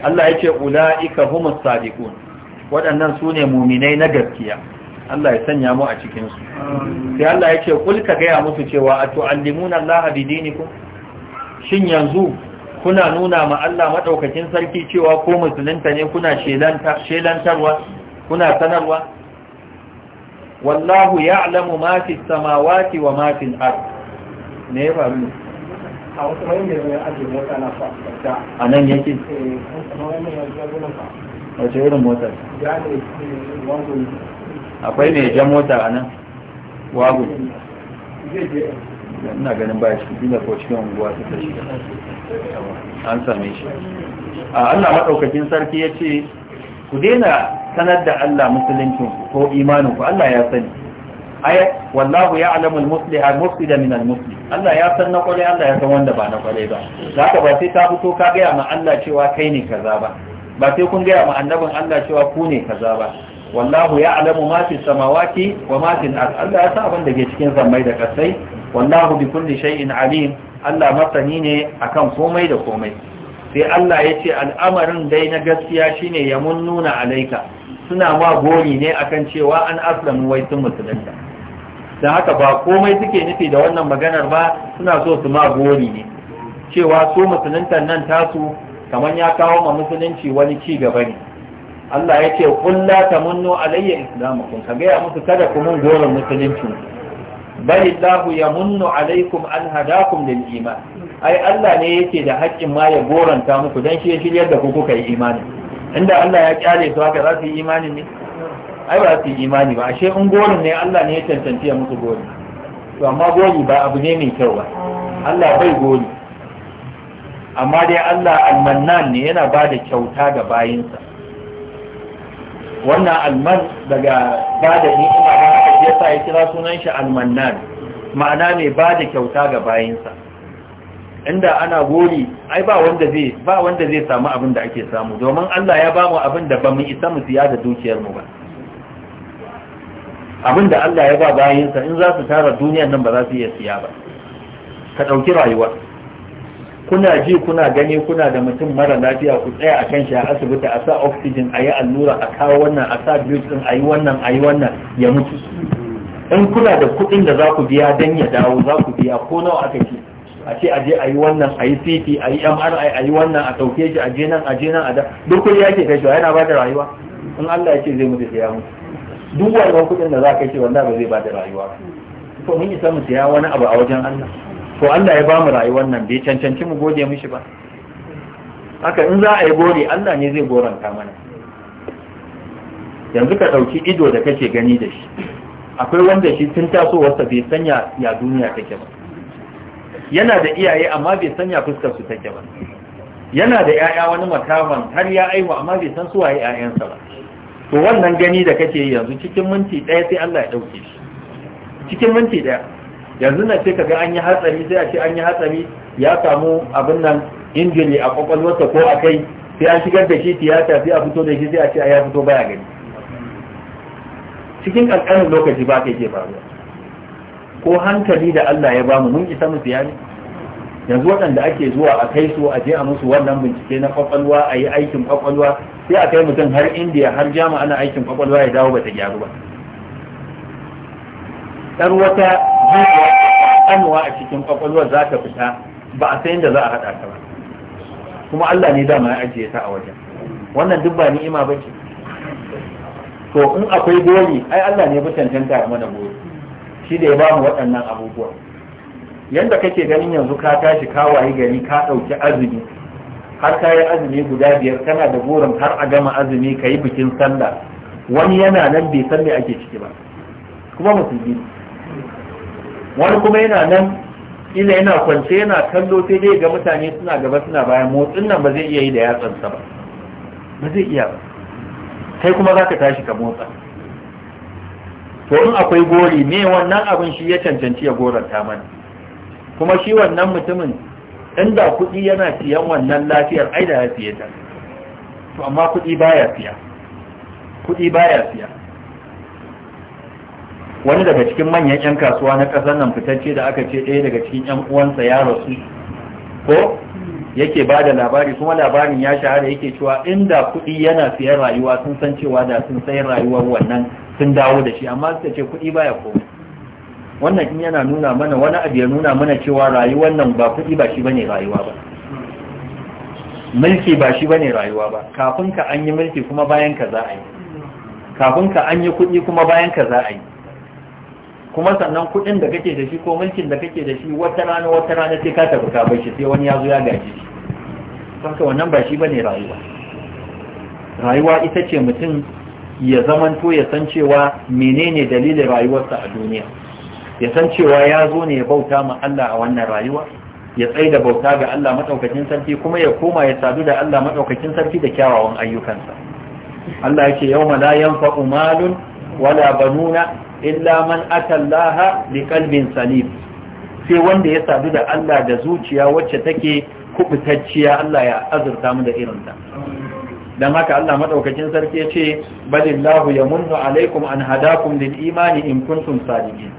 Allah ya ce ula'ika humus sadiqun waɗannan su ne muminai na gaskiya Allah ya sanya mu a cikinsu sai Allah ya ce kulka gaya musu cewa a tu'allimuna Allah bi dinikum shin yanzu kuna nuna ma Allah madaukakin sarki cewa ko musulunta ne kuna shelanta shelantarwa kuna sanarwa wallahu ya'lamu ma fi samawati wa ma fil ard ne ya a wasu mai ajiye mota na fa a nan yake eh, wace irin mota eh, akwai mai jan mota a nan wago ina ganin baya shi gina ko cikin unguwa su ta shiga an same shi a allah maɗaukakin sarki ya ce ku daina sanar da allah musuluncinku ko imaninku allah ya sani ay wallahu ya'lamu al-musliha al-mufsida min al-muslih Allah ya san na kware Allah ya san wanda ba na kware ba zaka ba sai ta fito ka ga ma Allah cewa kai ne kaza ba ba sai kun ga ma annabin Allah cewa ku ne kaza ba wallahu ya'lamu ma fi samawati wa ma fi al-ard Allah ya san abin da ke cikin zammai da kasai wallahu bi kulli shay'in alim Allah masani ne akan komai da komai sai Allah ya ce al'amarin dai na gaskiya shine ya mun nuna alaika suna ma gori ne akan cewa an aslamu wai sun musulunta don haka ba komai suke nufi da wannan maganar ba suna so su ma gori ne cewa su musuluntan nan tasu kamar ya kawo ma musulunci wani ci gaba ne Allah ya ce kulla tamunnu alayya islamakum ka gaya musu kada ku mun goron musulunci bal illahu yamunnu alaikum an hadakum lil iman ai Allah ne yake da haƙƙin ma ya goranta muku dan shi ya shiryar da ku kuka yi imani inda Allah ya kyale su haka za su yi imani ne ai ba su yi imani ba ashe in gori ne Allah ne ya cancanci ya musu gori to amma gori ba abu ne mai kyau ba Allah bai gori amma dai Allah almannan ne yana ba da kyauta ga bayinsa wannan alman daga ba da ni'ima ba aka je sa ya kira sunan shi almannan ma'ana mai ba da kyauta ga bayinsa inda ana gori ai ba wanda zai ba wanda zai samu abin da ake samu domin Allah ya ba mu abin da ba mu isa mu siya da dukiyar mu ba abin da Allah ya ba bayinsa in za su tara duniyan nan ba za su iya siya ba ka ɗauki rayuwa kuna ji kuna gani kuna da mutum mara lafiya ku tsaya a kan shi a asibiti a sa oxygen a yi allura a kawo wannan a sa drip din a yi wannan a yi wannan ya mutu in kuna da kuɗin da za ku biya dan ya dawo za ku biya ko nawa aka ce a ce aje a yi wannan a yi ct a yi mri a yi wannan a ɗauke shi a je nan a je nan a da duk kuri yake kai shi yana ba da rayuwa in Allah ya ce zai mutu sai ya mutu duk wannan kuɗin da za ka ce wanda ba zai ba da rayuwa to mun yi samu siya wani abu a wajen Allah to Allah ya bamu rayuwar nan bai cancanci mu gode mishi ba haka in za a yi gori Allah ne zai goranta mana yanzu ka ɗauki ido da kake gani da shi akwai wanda shi tun tasowarsa bai sanya ya duniya take ba yana da iyaye amma bai sanya fuskar su take ba yana da 'ya'ya wani makaman har ya aiwa amma bai san suwaye 'ya'yansa ba to wannan gani da kake yi yanzu cikin minti ɗaya sai Allah ya ɗauke shi cikin minti ɗaya yanzu na ce kaga an yi hatsari sai a ce an yi hatsari ya samu abin nan injili a kwakwalwarsa ko a kai sai an shigar da shi tiyata sai a fito da shi sai a ce ya fito baya gani cikin ƙanƙanin lokaci ba kai ke faruwa ko hankali da Allah ya bamu mun isa mu siya yanzu waɗanda ake zuwa a kai su a je a musu wannan bincike na kwakwalwa a yi aikin kwakwalwa sai a kai mutum har indiya har jama ana aikin kwakwalwa ya dawo bata gyaru ba ɗan wata jijiya kanuwa a cikin kwakwalwa za ta fita ba a san da za a haɗa ta ba kuma Allah ne dama ya ajiye ta a wajen wannan duk ba ni'ima ba ce to in akwai dole, ai Allah ne ya fi cancanta mana goli shi da ya ba mu waɗannan abubuwa yadda kake ganin yanzu ka tashi ka wayi gari ka ɗauki azumi har ka yi azumi guda biyar kana da burin har a gama azumi ka yi bikin sallah wani yana nan bai san me ake ciki ba kuma musulmi wani kuma yana nan ila yana kwance yana kallo sai dai ga mutane suna gaba suna bayan motsin nan ba zai iya yi da yatsansa ba ba zai iya ba kai kuma za ka tashi ka motsa to in akwai gori me wannan abin shi ya cancanci ya goranta mana kuma shi wannan mutumin inda kuɗi yana siyan wannan lafiyar ai da ya ta to amma kuɗi baya siya kuɗi baya siya wani daga cikin manyan 'yan kasuwa na ƙasar nan fitacce da aka ce ɗaya daga cikin 'yan uwansa ya rasu ko yake ba da labari kuma labarin ya shahara yake cewa inda kuɗi yana siyan rayuwa sun san cewa da sun sayi rayuwar wannan sun dawo da shi amma suka ce kuɗi baya komai wannan in yana nuna mana wani abu ya nuna mana cewa rayuwar nan ba kuɗi ba shi bane rayuwa ba mulki ba shi bane rayuwa ba kafin ka an yi mulki kuma bayan ka za a yi kafin ka an yi kuɗi kuma bayan ka za a yi kuma sannan kuɗin da kake da shi ko mulkin da kake da shi wata rana wata rana sai ka tafi ka shi sai wani ya zo ya gaji shi haka wannan ba shi bane rayuwa rayuwa ita ce mutum ya zamanto ya san cewa menene dalilin rayuwarsa a duniya ya san cewa ya zo ne ya bauta ma Allah a wannan rayuwa ya tsaye da bauta ga Allah madaukakin sarki kuma ya koma ya sadu da Allah madaukakin sarki da kyawawan ayyukansa Allah yake yawma la yanfa'u malun wala banuna illa man ata Allah biqalbin salim sai wanda ya sadu da Allah da zuciya wacce take kubutacciya Allah ya azurta mu da ta. dan haka Allah madaukakin sarki ce balillahu yamunnu alaikum an hadakum lil imani in kuntum sadiqin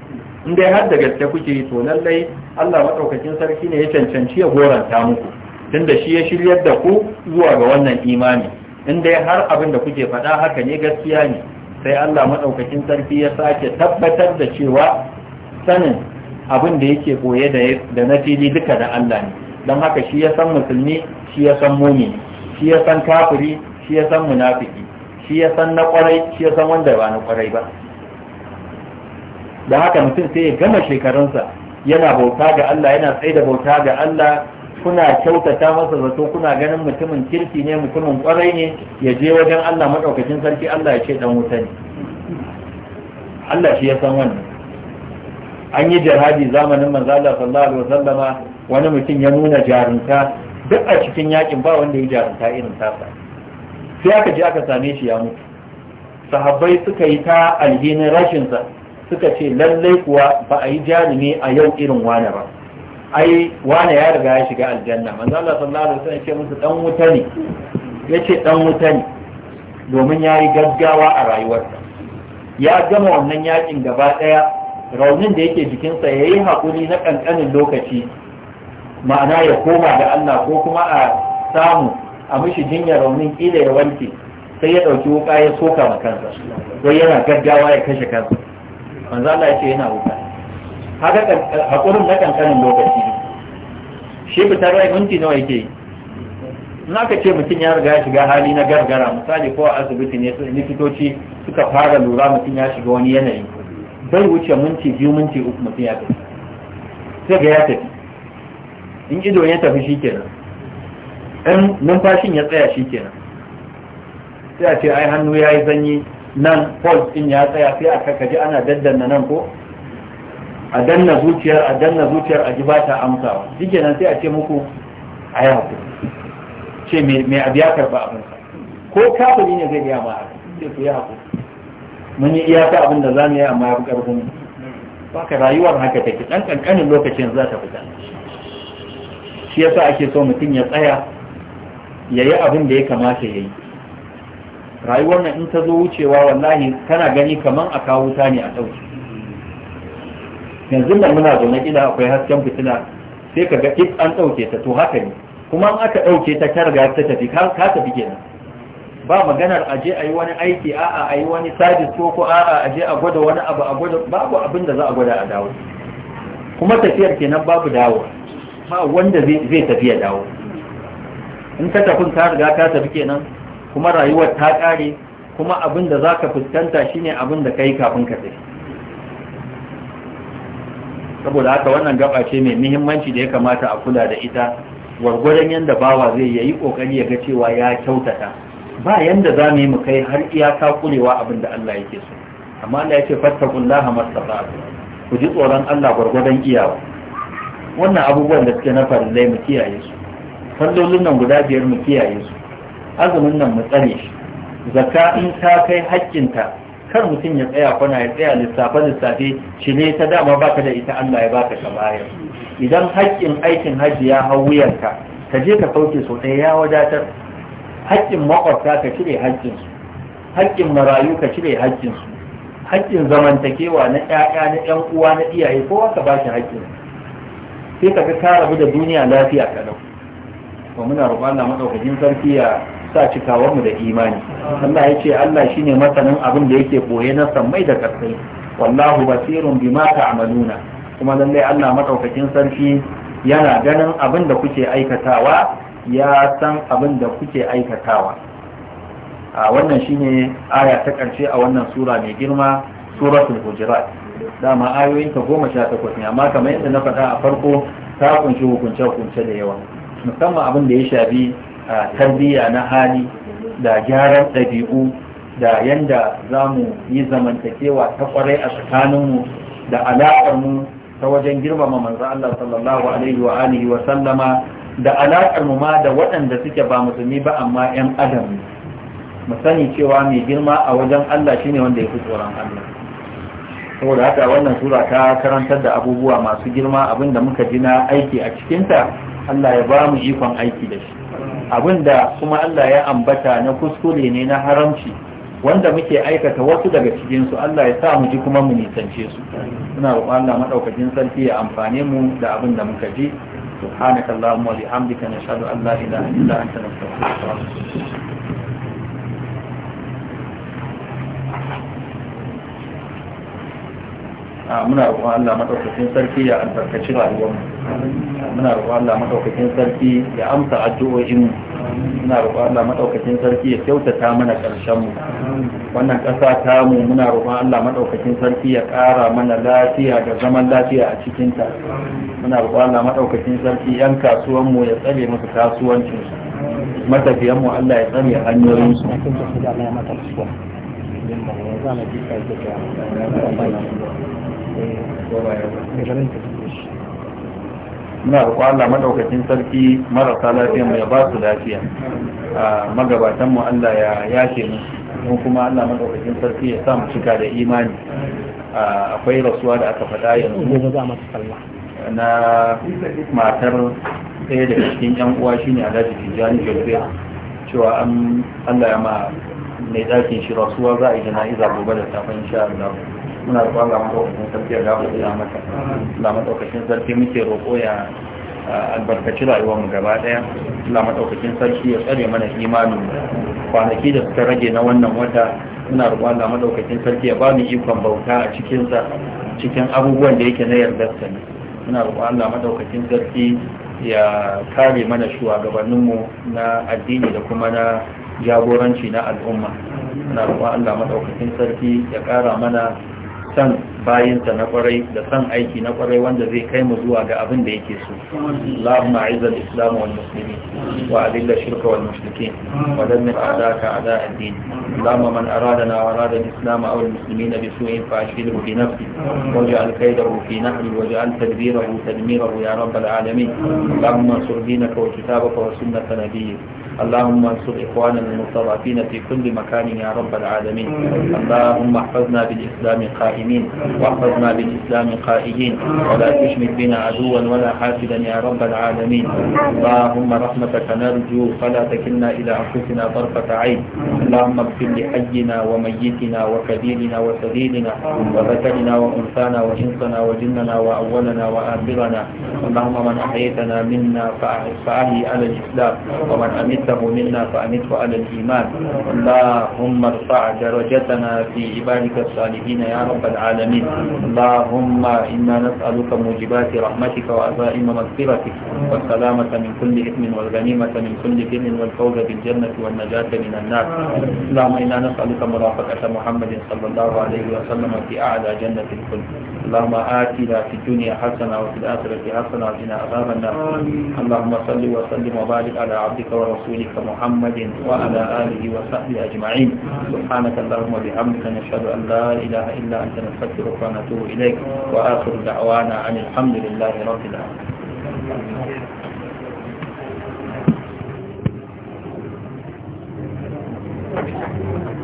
in dai har da gaske kuke yi to lallai Allah madaukakin sarki ne ya cancanci ya goranta muku tunda shi ya shiryar da ku zuwa ga wannan imani in dai har abin da kuke faɗa haka ne gaskiya ne sai Allah madaukakin sarki ya sake tabbatar da cewa sanin abin da yake koye da na fili duka da Allah ne don haka shi ya san musulmi shi ya san mumini shi ya san kafiri shi ya san munafiki shi ya san na kwarai shi ya san wanda ba na kwarai ba da haka mutum sai ya gama shekarunsa yana bauta ga Allah yana tsaye da bauta ga Allah kuna kyautata masa zato kuna ganin mutumin kirki ne mutumin kwarai ne ya je wajen Allah madaukakin sarki Allah ya ce dan wuta ne Allah shi ya san wannan an yi jihadi zamanin manzo Allah sallallahu alaihi wasallama wani mutum ya nuna jarunta duk a cikin yakin ba wanda ya jarunta irin tasa sai aka je aka same shi ya mutu sahabbai suka yi ta alhinin rashinsa suka ce lallai kuwa ba a yi jarumi a yau irin wane ba ai wane ya riga ya shiga aljanna manzo Allah sallallahu alaihi wasallam ya ce musu dan wuta ne yace dan wuta ne domin ya yi gaggawa a rayuwarsa ya gama wannan yakin gaba ɗaya. raunin da yake jikinsa ya yi haƙuri na ƙanƙanin lokaci ma'ana ya koma da Allah ko kuma a samu a mishi jinyar raunin ƙila ya wanke sai ya ɗauki wuƙa ya soka ma kansa wai yana gaggawa ya kashe kansa manzo Allah ya ce yana wuta haka hakurin na kankanin lokaci shi fitar rai minti nawa yake yi in aka ce mutum ya riga ya shiga hali na gargara misali ko a asibiti ne likitoci suka fara lura mutum ya shiga wani yanayi bai wuce minti biyu minti uku mutum ya tafi sai ga ya tafi in ido ya tafi shi kenan in numfashin ya tsaya shi kenan sai a ce ai hannu ya yi zanyi nan pulse din ya tsaya sai a kakaji ana daddanna nan ko a danna zuciyar a danna zuciyar a ji ba ta amsawa shike nan sai a ce muku a yi hakuri ce mai abu ya karba abinsa ko kafin ne zai gaya ma a ce ku yi hakuri mun yi iyaka abin da za mu yi amma ya fi Ba baka rayuwar haka take ɗan ƙanƙanin lokacin za ta fita shi yasa ake so mutum ya tsaya ya yi abin da ya kamata ya yi rayuwar nan in ta zo wucewa wallahi kana gani kaman a kawo wuta ne a ɗauki yanzu nan muna zaune ina akwai hasken fitina sai ka ga duk an ɗauke ta to haka ne kuma an aka ɗauke ta ta riga ta tafi ka tafi kenan ba maganar aje a yi wani aiki a'a a yi wani sabis ko ko a aje a gwada wani abu a gwada babu abin da za a gwada a dawo kuma tafiyar kenan babu dawo ba wanda zai tafiya dawo in ka tafin ka riga ka tafi kenan kuma rayuwar ta ƙare kuma abin da za ka fuskanta shine abin da ka yi kafin ka tafi saboda haka wannan gaba ce mai muhimmanci da ya kamata a kula da ita gwargwadon yadda bawa zai yi kokari ya ga cewa ya kyautata ba yanda za mu yi mu kai har iyaka kurewa abin da Allah yake so amma Allah ya ce a mastata'tu ku ji tsoron Allah gwargwadon iyawa wannan abubuwan da suke na farillai mu kiyaye su fallolin nan guda biyar mu kiyaye su azumin nan mu tsane shi zakka in ta kai haƙƙinta kar mutum ya tsaya kwana ya tsaya lissafe lissafe ne ta dama baka da ita Allah ya baka ka bayar idan haƙƙin aikin hajji ya hau wuyanka ka je ka sauke so ɗaya ya wadatar haƙƙin maƙwabta ka cire haƙƙinsu haƙƙin marayu ka cire haƙƙinsu haƙƙin zamantakewa na ƴaƴa na ƴan uwa na iyaye kowa ka ba shi haƙƙin sai ka ga ka rabu da duniya lafiya kalau to muna roƙon Allah madaukakin sarki ya sa mu da imani Allah ya ce Allah shine masanin abin da yake boye na sammai da ƙarfi, wallahu basirun bima ta'maluna kuma lalle Allah madaukakin sarki yana ganin abin da kuke aikatawa ya san abin da kuke aikatawa a wannan shine aya ta karshe a wannan sura mai girma suratul hujurat dama ayoyin ta goma sha takwas ne amma kamar yadda na faɗa a farko ta kunshi hukunce hukunce da yawa musamman abin da ya shafi tarbiyya na hali da gyaran ɗabi'u da yanda za mu yi zamantakewa ta ƙwarai a tsakaninmu da alaƙarmu ta wajen girmama manzo Allah sallallahu alaihi wa alihi wa sallama da alaƙarmu ma da waɗanda suke ba musulmi ba amma 'yan adam mu sani cewa mai girma a wajen Allah shine wanda ya fi tsoron Allah saboda haka wannan sura ta karantar da abubuwa masu girma abinda muka ji na aiki a cikinta Allah ya ba mu ikon aiki da shi abinda kuma Allah ya ambata na kuskure ne na haramci wanda muke aikata wasu daga cikinsu Allah ya sa mu ji kuma mu nisance su muna roƙon Allah madaukakin sarki ya amfane mu da abin da muka ji subhanakallahumma wa bihamdika nashhadu an la ilaha illa anta nastaghfiruka wa natubu muna roƙon Allah madaukakin sarki ya albarkaci rayuwarmu muna roƙon Allah madaukakin sarki ya amsa addu'o'in mu muna roƙon Allah madaukakin sarki ya kyautata mana ƙarshen mu wannan ƙasa ta mu muna roƙon Allah madaukakin sarki ya ƙara mana lafiya da zaman lafiya a cikin ta muna roƙon Allah madaukakin sarki yan kasuwan mu ya tsare musu kasuwancin su matafiyan mu Allah ya tsare hanyoyin su Thank you. muna roƙo Allah madaukakin sarki marasa lafiya mu ya ba su lafiya magabatan mu Allah ya yake mu don kuma Allah madaukakin sarki ya sa mu cika da imani akwai rasuwa da aka faɗa yanzu na matar ɗaya daga cikin yan uwa shine Alhaji Tijjani Jolbe cewa an Allah ya ma mai ɗakin shi rasuwa za a yi jana'iza gobe da safen insha Allah muna roƙon ga maɗaukakin sarki ya da mata da maɗaukakin sarki muke roƙo ya albarkaci rayuwar mu gaba ɗaya. da madaukakin sarki ya tsare mana imanin kwanaki da suka rage na wannan wata muna roƙon Allah madaukakin sarki ya ba mu ikon bauta a cikin sa cikin abubuwan da yake na yardarsa ne muna roƙon Allah madaukakin sarki ya kare mana shugabannin mu na addini da kuma na jagoranci na al'umma muna ruwa Allah madaukakin sarki ya ƙara mana san bayinsa na kwarai da san aiki na kwarai wanda zai kai mu zuwa ga abin da yake so Allahumma a'izz al-islam wal muslimin wa adhill ash-shirka wal mushrikeen wa dammir a'daka a'da ad-din Allahumma man aradana wa arada al-islam aw al-muslimin bi su'in fa ashghilhu bi nafsi waj'al kaydahu fi nahri waj'al tadbirahu tadmirahu ya rabb al-alamin Allahumma ansur dinaka wa kitabaka wa sunnata nabiyyika اللهم انصر إخواننا المستضعفين في كل مكان يا رب العالمين اللهم احفظنا بالإسلام قائمين واحفظنا بالإسلام قائدين ولا تشمت بنا عدوا ولا حاسدا يا رب العالمين اللهم رحمتك نرجو فلا تكلنا إلى أنفسنا طرفة عين اللهم اغفر لحينا وميتنا وكبيرنا وسبيلنا وذكرنا وأنثانا وإنسنا وجننا وأولنا وآخرنا اللهم من أحييتنا منا فأحي على الإسلام ومن أمتنا عنده منا فأمته على الإيمان اللهم ارفع درجتنا في عبادك الصالحين يا رب العالمين اللهم إنا نسألك موجبات رحمتك وعزائم مغفرتك والسلامة من كل إثم والغنيمة من كل بر والفوز بالجنة والنجاة من النار اللهم إنا نسألك مرافقة محمد صلى الله عليه وسلم في أعلى جنة الكل اللهم آتنا في الدنيا حسنة وفي الآخرة حسنة وقنا عذاب النار اللهم صل وسلم وبارك على عبدك ورسولك محمد وعلى آله وصحبه أجمعين سبحانك اللهم وبحمدك نشهد أن لا إله إلا أنت نستغفرك ونتوب إليك وآخر دعوانا عن الحمد لله رب العالمين Thank you.